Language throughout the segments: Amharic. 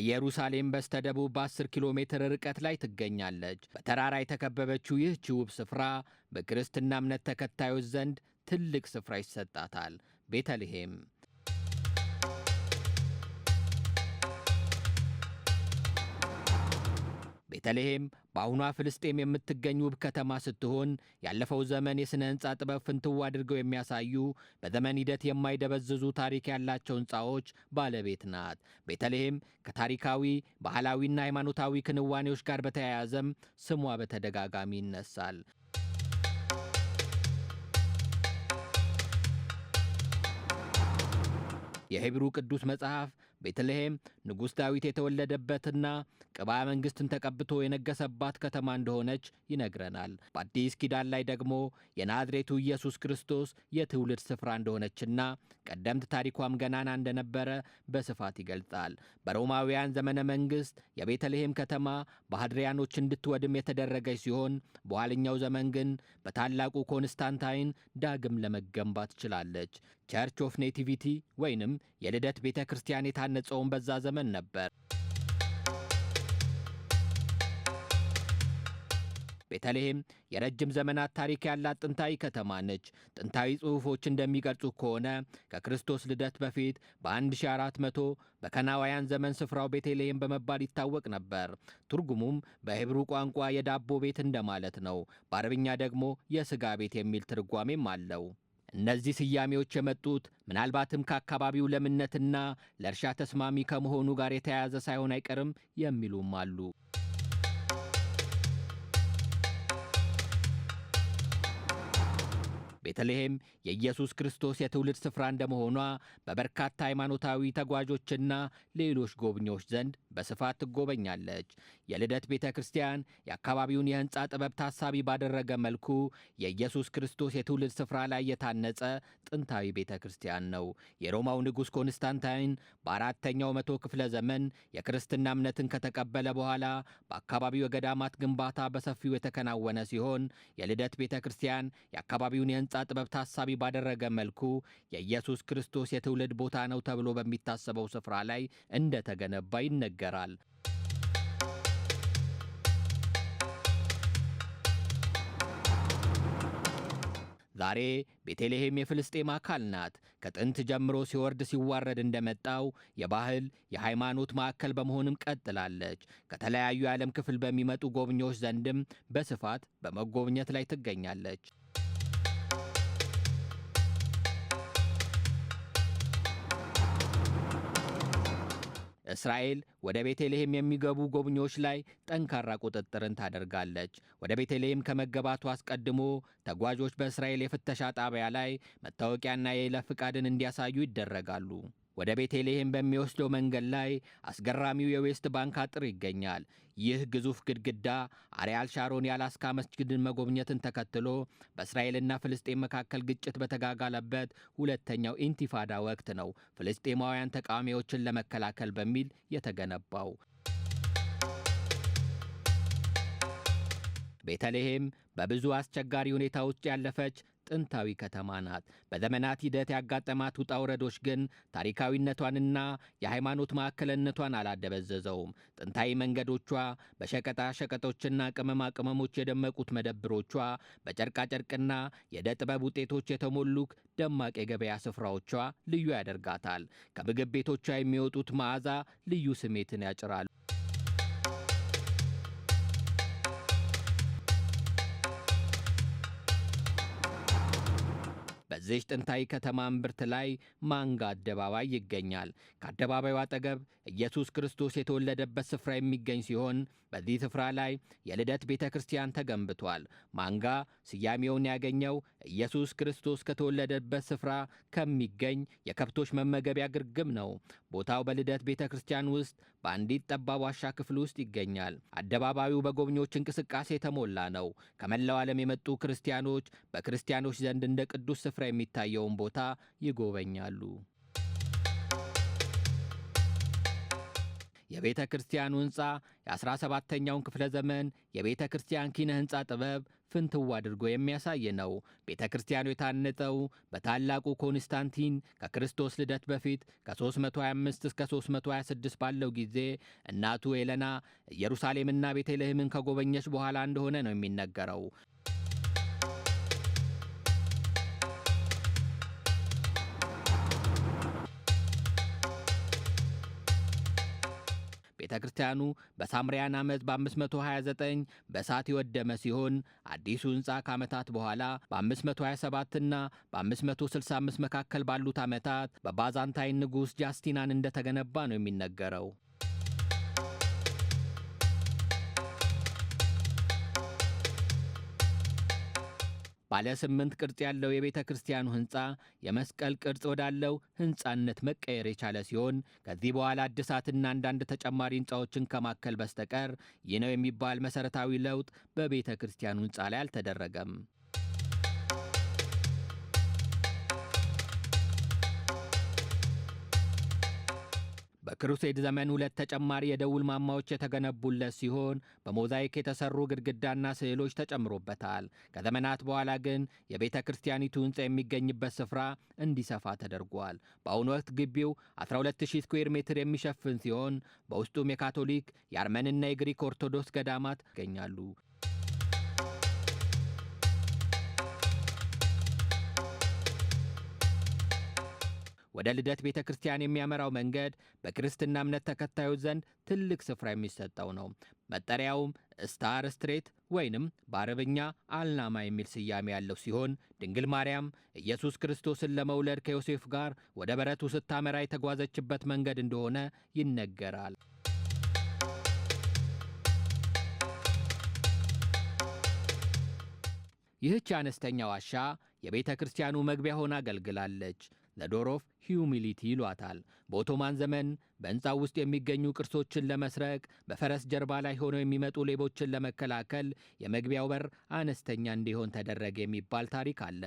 ከኢየሩሳሌም በስተደቡብ በ10 ኪሎ ሜትር ርቀት ላይ ትገኛለች። በተራራ የተከበበችው ይህች ውብ ስፍራ በክርስትና እምነት ተከታዮች ዘንድ ትልቅ ስፍራ ይሰጣታል። ቤተልሔም ቤተልሔም በአሁኗ ፍልስጤም የምትገኝ ውብ ከተማ ስትሆን ያለፈው ዘመን የሥነ ሕንፃ ጥበብ ፍንትው አድርገው የሚያሳዩ በዘመን ሂደት የማይደበዝዙ ታሪክ ያላቸው ሕንፃዎች ባለቤት ናት። ቤተልሔም ከታሪካዊ ባህላዊና ሃይማኖታዊ ክንዋኔዎች ጋር በተያያዘም ስሟ በተደጋጋሚ ይነሳል። የሄብሩ ቅዱስ መጽሐፍ ቤተልሔም ንጉሥ ዳዊት የተወለደበትና ቅባ መንግስትን ተቀብቶ የነገሰባት ከተማ እንደሆነች ይነግረናል። በአዲስ ኪዳን ላይ ደግሞ የናዝሬቱ ኢየሱስ ክርስቶስ የትውልድ ስፍራ እንደሆነችና ቀደምት ታሪኳም ገናና እንደነበረ በስፋት ይገልጻል። በሮማውያን ዘመነ መንግስት የቤተልሔም ከተማ በሃድሪያኖች እንድትወድም የተደረገች ሲሆን በኋለኛው ዘመን ግን በታላቁ ኮንስታንታይን ዳግም ለመገንባት ችላለች። ቸርች ኦፍ ኔቲቪቲ ወይንም የልደት ቤተ ክርስቲያን የታነጸውን በዛ ዘመን ዘመን ነበር። ቤተልሔም የረጅም ዘመናት ታሪክ ያላት ጥንታዊ ከተማ ነች። ጥንታዊ ጽሑፎች እንደሚገልጹ ከሆነ ከክርስቶስ ልደት በፊት በ1400 በከናዋያን ዘመን ስፍራው ቤተልሔም በመባል ይታወቅ ነበር። ትርጉሙም በሂብሩ ቋንቋ የዳቦ ቤት እንደማለት ነው። በአረብኛ ደግሞ የስጋ ቤት የሚል ትርጓሜም አለው። እነዚህ ስያሜዎች የመጡት ምናልባትም ከአካባቢው ለምነትና ለእርሻ ተስማሚ ከመሆኑ ጋር የተያያዘ ሳይሆን አይቀርም የሚሉም አሉ። ቤተልሔም የኢየሱስ ክርስቶስ የትውልድ ስፍራ እንደመሆኗ በበርካታ ሃይማኖታዊ ተጓዦችና ሌሎች ጎብኚዎች ዘንድ በስፋት ትጎበኛለች። የልደት ቤተ ክርስቲያን የአካባቢውን የህንፃ ጥበብ ታሳቢ ባደረገ መልኩ የኢየሱስ ክርስቶስ የትውልድ ስፍራ ላይ የታነጸ ጥንታዊ ቤተ ክርስቲያን ነው። የሮማው ንጉሥ ኮንስታንታይን በአራተኛው መቶ ክፍለ ዘመን የክርስትና እምነትን ከተቀበለ በኋላ በአካባቢው የገዳማት ግንባታ በሰፊው የተከናወነ ሲሆን የልደት ቤተ ክርስቲያን የአካባቢውን የህንፃ ጥበብ ታሳቢ ባደረገ መልኩ የኢየሱስ ክርስቶስ የትውልድ ቦታ ነው ተብሎ በሚታሰበው ስፍራ ላይ እንደተገነባ ይነገራል። ዛሬ ቤተልሔም የፍልስጤም አካል ናት። ከጥንት ጀምሮ ሲወርድ ሲዋረድ እንደመጣው የባህል የሃይማኖት ማዕከል በመሆንም ቀጥላለች። ከተለያዩ የዓለም ክፍል በሚመጡ ጎብኚዎች ዘንድም በስፋት በመጎብኘት ላይ ትገኛለች። እስራኤል ወደ ቤተልሔም የሚገቡ ጎብኚዎች ላይ ጠንካራ ቁጥጥርን ታደርጋለች። ወደ ቤተልሔም ከመገባቱ አስቀድሞ ተጓዦች በእስራኤል የፍተሻ ጣቢያ ላይ መታወቂያና የይለፍ ፍቃድን እንዲያሳዩ ይደረጋሉ። ወደ ቤተልሔም በሚወስደው መንገድ ላይ አስገራሚው የዌስት ባንክ አጥር ይገኛል። ይህ ግዙፍ ግድግዳ አርያል ሻሮን የአላስካ መስጅድን መጎብኘትን ተከትሎ በእስራኤልና ፍልስጤም መካከል ግጭት በተጋጋለበት ሁለተኛው ኢንቲፋዳ ወቅት ነው ፍልስጤማውያን ተቃዋሚዎችን ለመከላከል በሚል የተገነባው። ቤተልሔም በብዙ አስቸጋሪ ሁኔታ ውስጥ ያለፈች ጥንታዊ ከተማ ናት። በዘመናት ሂደት ያጋጠማት ውጣ ውረዶች ግን ታሪካዊነቷንና የሃይማኖት ማዕከልነቷን አላደበዘዘውም። ጥንታዊ መንገዶቿ፣ በሸቀጣ ሸቀጦችና ቅመማ ቅመሞች የደመቁት መደብሮቿ፣ በጨርቃጨርቅና የዕደ ጥበብ ውጤቶች የተሞሉክ ደማቅ የገበያ ስፍራዎቿ ልዩ ያደርጋታል። ከምግብ ቤቶቿ የሚወጡት መዓዛ ልዩ ስሜትን ያጭራሉ። በዚህ ጥንታዊ ከተማ እምብርት ላይ ማንጋ አደባባይ ይገኛል። ከአደባባዩ አጠገብ ኢየሱስ ክርስቶስ የተወለደበት ስፍራ የሚገኝ ሲሆን በዚህ ስፍራ ላይ የልደት ቤተ ክርስቲያን ተገንብቷል። ማንጋ ስያሜውን ያገኘው ኢየሱስ ክርስቶስ ከተወለደበት ስፍራ ከሚገኝ የከብቶች መመገቢያ ግርግም ነው። ቦታው በልደት ቤተ ክርስቲያን ውስጥ በአንዲት ጠባብ ዋሻ ክፍል ውስጥ ይገኛል። አደባባዩ በጎብኚዎች እንቅስቃሴ የተሞላ ነው። ከመላው ዓለም የመጡ ክርስቲያኖች በክርስቲያኖች ዘንድ እንደ ቅዱስ ስፍራ የሚታየውን ቦታ ይጎበኛሉ። የቤተ ክርስቲያኑ ሕንፃ የ17ኛውን ክፍለ ዘመን የቤተ ክርስቲያን ኪነ ሕንፃ ጥበብ ፍንትው አድርጎ የሚያሳይ ነው። ቤተ ክርስቲያኑ የታነጸው በታላቁ ኮንስታንቲን ከክርስቶስ ልደት በፊት ከ325 እስከ 326 ባለው ጊዜ እናቱ ኤለና ኢየሩሳሌምና ቤተልሔምን ከጎበኘች በኋላ እንደሆነ ነው የሚነገረው። ቤተ ክርስቲያኑ በሳምሪያን ዓመት በ529 በእሳት የወደመ ሲሆን አዲሱ ሕንፃ ከዓመታት በኋላ በ527ና በ565 መካከል ባሉት ዓመታት በባዛንታይን ንጉሥ ጃስቲናን እንደተገነባ ነው የሚነገረው። ባለ ስምንት ቅርጽ ያለው የቤተ ክርስቲያኑ ህንፃ የመስቀል ቅርጽ ወዳለው ህንፃነት መቀየር የቻለ ሲሆን ከዚህ በኋላ አድሳትና አንዳንድ ተጨማሪ ህንፃዎችን ከማከል በስተቀር ይህ ነው የሚባል መሰረታዊ ለውጥ በቤተ ክርስቲያኑ ህንፃ ላይ አልተደረገም። በክሩሴድ ዘመን ሁለት ተጨማሪ የደውል ማማዎች የተገነቡለት ሲሆን በሞዛይክ የተሰሩ ግድግዳና ስዕሎች ተጨምሮበታል። ከዘመናት በኋላ ግን የቤተ ክርስቲያኒቱ ህንፃ የሚገኝበት ስፍራ እንዲሰፋ ተደርጓል። በአሁኑ ወቅት ግቢው 120 ስኩዌር ሜትር የሚሸፍን ሲሆን በውስጡም የካቶሊክ የአርመንና የግሪክ ኦርቶዶክስ ገዳማት ይገኛሉ። ወደ ልደት ቤተ ክርስቲያን የሚያመራው መንገድ በክርስትና እምነት ተከታዮች ዘንድ ትልቅ ስፍራ የሚሰጠው ነው። መጠሪያውም ስታር ስትሬት ወይንም በአረብኛ አልናማ የሚል ስያሜ ያለው ሲሆን ድንግል ማርያም ኢየሱስ ክርስቶስን ለመውለድ ከዮሴፍ ጋር ወደ በረቱ ስታመራ የተጓዘችበት መንገድ እንደሆነ ይነገራል። ይህች አነስተኛ ዋሻ የቤተ ክርስቲያኑ መግቢያ ሆና አገልግላለች። ዘዶር ሂዩሚሊቲ ይሏታል። በኦቶማን ዘመን በሕንፃው ውስጥ የሚገኙ ቅርሶችን ለመስረቅ በፈረስ ጀርባ ላይ ሆነው የሚመጡ ሌቦችን ለመከላከል የመግቢያው በር አነስተኛ እንዲሆን ተደረገ የሚባል ታሪክ አለ።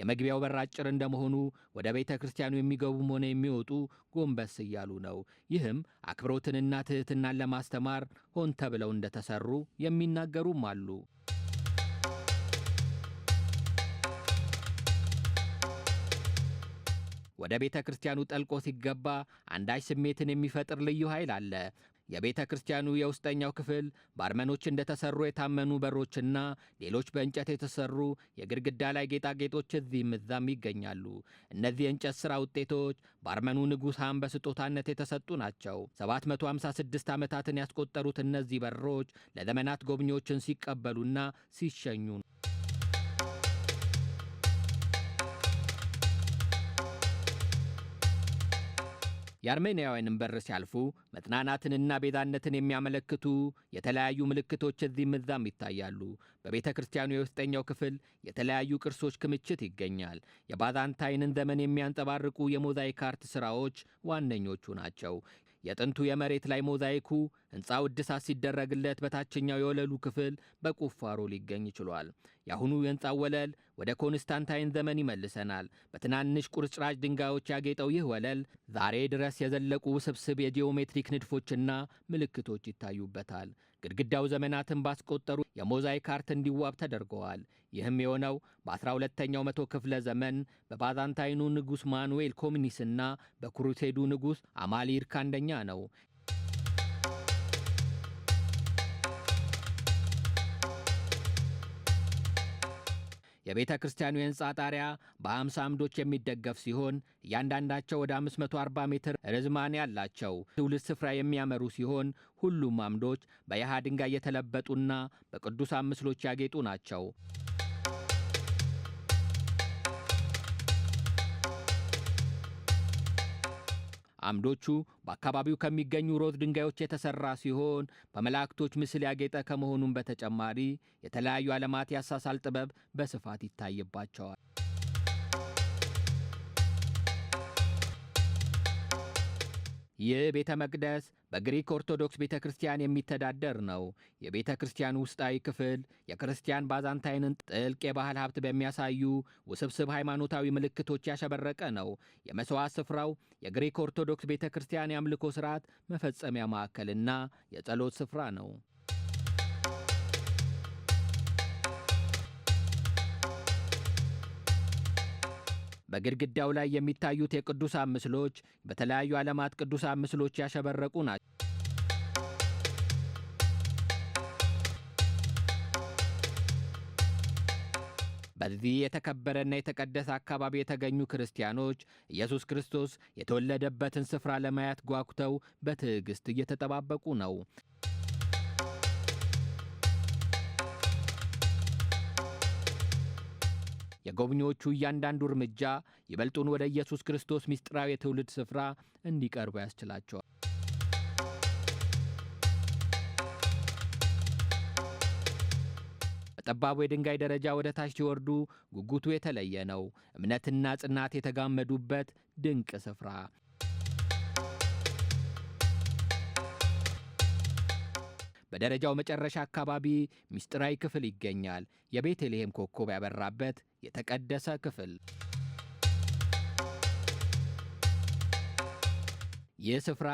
የመግቢያው በር አጭር እንደመሆኑ ወደ ቤተ ክርስቲያኑ የሚገቡም ሆነ የሚወጡ ጎንበስ እያሉ ነው። ይህም አክብሮትንና ትህትናን ለማስተማር ሆን ተብለው እንደተሰሩ የሚናገሩም አሉ። ወደ ቤተ ክርስቲያኑ ጠልቆ ሲገባ አንዳች ስሜትን የሚፈጥር ልዩ ኃይል አለ። የቤተ ክርስቲያኑ የውስጠኛው ክፍል በአርመኖች እንደተሰሩ የታመኑ በሮችና ሌሎች በእንጨት የተሰሩ የግድግዳ ላይ ጌጣጌጦች እዚህም እዛም ይገኛሉ። እነዚህ የእንጨት ሥራ ውጤቶች በአርመኑ ንጉሳን በስጦታነት የተሰጡ ናቸው። 756 ዓመታትን ያስቆጠሩት እነዚህ በሮች ለዘመናት ጎብኚዎችን ሲቀበሉና ሲሸኙ የአርሜንያውያንን በር ሲያልፉ መጥናናትንና ቤዛነትን የሚያመለክቱ የተለያዩ ምልክቶች እዚህም እዛም ይታያሉ። በቤተ ክርስቲያኑ የውስጠኛው ክፍል የተለያዩ ቅርሶች ክምችት ይገኛል። የባዛንታይንን ዘመን የሚያንጸባርቁ የሞዛይክ አርት ሥራዎች ዋነኞቹ ናቸው። የጥንቱ የመሬት ላይ ሞዛይኩ ሕንፃው እድሳት ሲደረግለት በታችኛው የወለሉ ክፍል በቁፋሮ ሊገኝ ችሏል። የአሁኑ የሕንፃው ወለል ወደ ኮንስታንታይን ዘመን ይመልሰናል። በትናንሽ ቁርጭራጭ ድንጋዮች ያጌጠው ይህ ወለል ዛሬ ድረስ የዘለቁ ውስብስብ የጂኦሜትሪክ ንድፎችና ምልክቶች ይታዩበታል። ግድግዳው ዘመናትን ባስቆጠሩ የሞዛይክ አርት እንዲዋብ ተደርገዋል። ይህም የሆነው በ12ኛው መቶ ክፍለ ዘመን በባዛንታይኑ ንጉሥ ማኑዌል ኮሚኒስና በክሩሴዱ ንጉሥ አማሊርክ አንደኛ ነው። የቤተ ክርስቲያኑ የህንፃ ጣሪያ በ50 አምዶች የሚደገፍ ሲሆን እያንዳንዳቸው ወደ 540 ሜትር ርዝማኔ ያላቸው ትውልድ ስፍራ የሚያመሩ ሲሆን ሁሉም አምዶች በየሃ ድንጋይ የተለበጡና በቅዱሳን ምስሎች ያጌጡ ናቸው። አምዶቹ በአካባቢው ከሚገኙ ሮዝ ድንጋዮች የተሰራ ሲሆን በመላእክቶች ምስል ያጌጠ ከመሆኑም በተጨማሪ የተለያዩ ዓለማት ያሳሳል ጥበብ በስፋት ይታይባቸዋል። ይህ ቤተ መቅደስ በግሪክ ኦርቶዶክስ ቤተ ክርስቲያን የሚተዳደር ነው። የቤተ ክርስቲያን ውስጣዊ ክፍል የክርስቲያን ባዛንታይንን ጥልቅ የባህል ሀብት በሚያሳዩ ውስብስብ ሃይማኖታዊ ምልክቶች ያሸበረቀ ነው። የመስዋ ስፍራው የግሪክ ኦርቶዶክስ ቤተ ክርስቲያን የአምልኮ ስርዓት መፈጸሚያ ማዕከልና የጸሎት ስፍራ ነው። በግድግዳው ላይ የሚታዩት የቅዱሳን ምስሎች በተለያዩ ዓለማት ቅዱሳን ምስሎች ያሸበረቁ ናቸው። በዚህ የተከበረና የተቀደሰ አካባቢ የተገኙ ክርስቲያኖች ኢየሱስ ክርስቶስ የተወለደበትን ስፍራ ለማየት ጓጉተው በትዕግሥት እየተጠባበቁ ነው። የጎብኚዎቹ እያንዳንዱ እርምጃ ይበልጡን ወደ ኢየሱስ ክርስቶስ ምስጢራዊ የትውልድ ስፍራ እንዲቀርቡ ያስችላቸዋል። በጠባቡ የድንጋይ ደረጃ ወደ ታች ሲወርዱ ጉጉቱ የተለየ ነው። እምነትና ጽናት የተጋመዱበት ድንቅ ስፍራ በደረጃው መጨረሻ አካባቢ ምስጢራዊ ክፍል ይገኛል። የቤተልሔም ኮከብ ያበራበት የተቀደሰ ክፍል። ይህ ስፍራ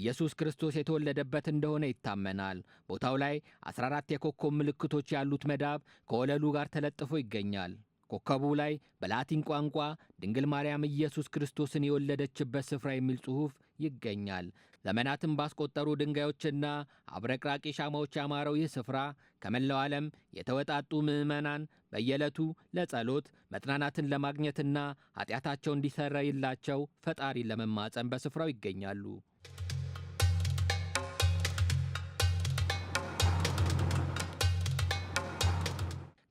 ኢየሱስ ክርስቶስ የተወለደበት እንደሆነ ይታመናል። ቦታው ላይ 14 የኮከብ ምልክቶች ያሉት መዳብ ከወለሉ ጋር ተለጥፎ ይገኛል። ኮከቡ ላይ በላቲን ቋንቋ ድንግል ማርያም ኢየሱስ ክርስቶስን የወለደችበት ስፍራ የሚል ጽሑፍ ይገኛል። ዘመናትን ባስቆጠሩ ድንጋዮችና አብረቅራቂ ሻማዎች ያማረው ይህ ስፍራ ከመላው ዓለም የተወጣጡ ምዕመናን በየዕለቱ ለጸሎት መጥናናትን ለማግኘትና ኃጢአታቸው እንዲሰረይላቸው ፈጣሪ ለመማፀን በስፍራው ይገኛሉ።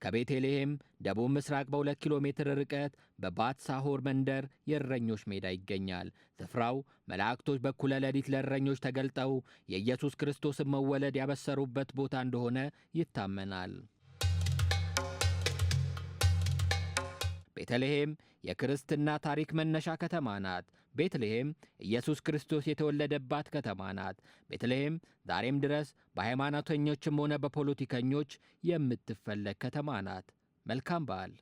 ከቤተልሔም ደቡብ ምስራቅ በሁለት ኪሎ ሜትር ርቀት በባትሳሆር መንደር የእረኞች ሜዳ ይገኛል። ስፍራው መላእክቶች በኩለ ሌሊት ለእረኞች ተገልጠው የኢየሱስ ክርስቶስን መወለድ ያበሰሩበት ቦታ እንደሆነ ይታመናል። ቤተልሔም የክርስትና ታሪክ መነሻ ከተማ ናት። ቤትልሔም ኢየሱስ ክርስቶስ የተወለደባት ከተማ ናት። ቤትልሔም ዛሬም ድረስ በሃይማኖተኞችም ሆነ በፖለቲከኞች የምትፈለግ ከተማ ናት። መልካም በዓል።